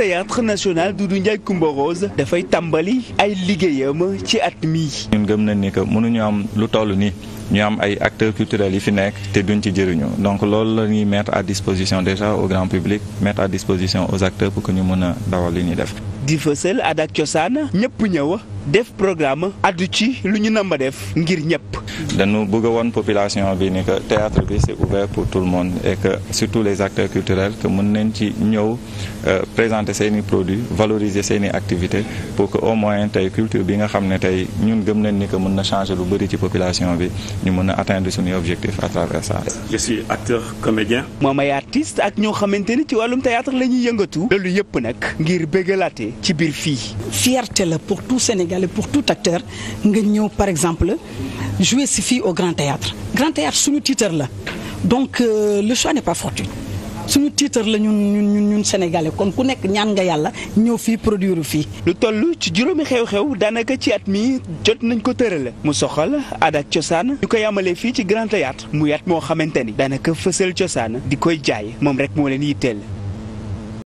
théâtre national Doudou Ndiaye Coumba Rose dafay tàmbali ay liggéeyam ci at mii. ñun gëm nañ ni que mënuñu am lu toll nii ñu am ay acteurs culturels yi fi nekk te duñ ci jëriñu donc loolu la ñuy mettre à disposition déjà au grand public mettre à disposition aux acteurs pour que ñu mën a dawal li ñuy def. di fësal aada ak cosaan ñëpp ñëw def programme addu ci lu ñu namba def ngir ñëpp. dañu bëgg woon population bi ni que théâtre bi c'est ouvert pour tout le monde et que surtout les acteurs culturels que mën nañ ci ñëw euh, présenter seeni produits valoriser seeni activités pour que au moins tey culture bi nga xam ne tey ñun gëm nañ ni que mën na changer lu bëri ci population bi ñu mën a atteindre suñuy objectif à travers ça. je acteur comédien. moom ay artiste ni ci wàllum théâtre la ñuy yëngatu. loolu yëpp ci biir fii. fierté la pour tout Sénégalais pour tout acteur nga ñëw par exemple jouer si fii au Grand Théâtre Grand Théâtre suñu titre la donc euh, le choix n'est pas fortuit suñu titre la ñun ñun ñun sénégalais kon ku nekk ñaan nga yàlla ñëw fii produire fii. lu toll ci juróomi xew-xew daanaka ci at mi jot nañ ko tërale mu soxal aada cosaan ñu ko amalee fii ci grand théâtre muy at moo xamante ni daanaka fësal cosaan di koy jaay moom rek moo leen yitteel.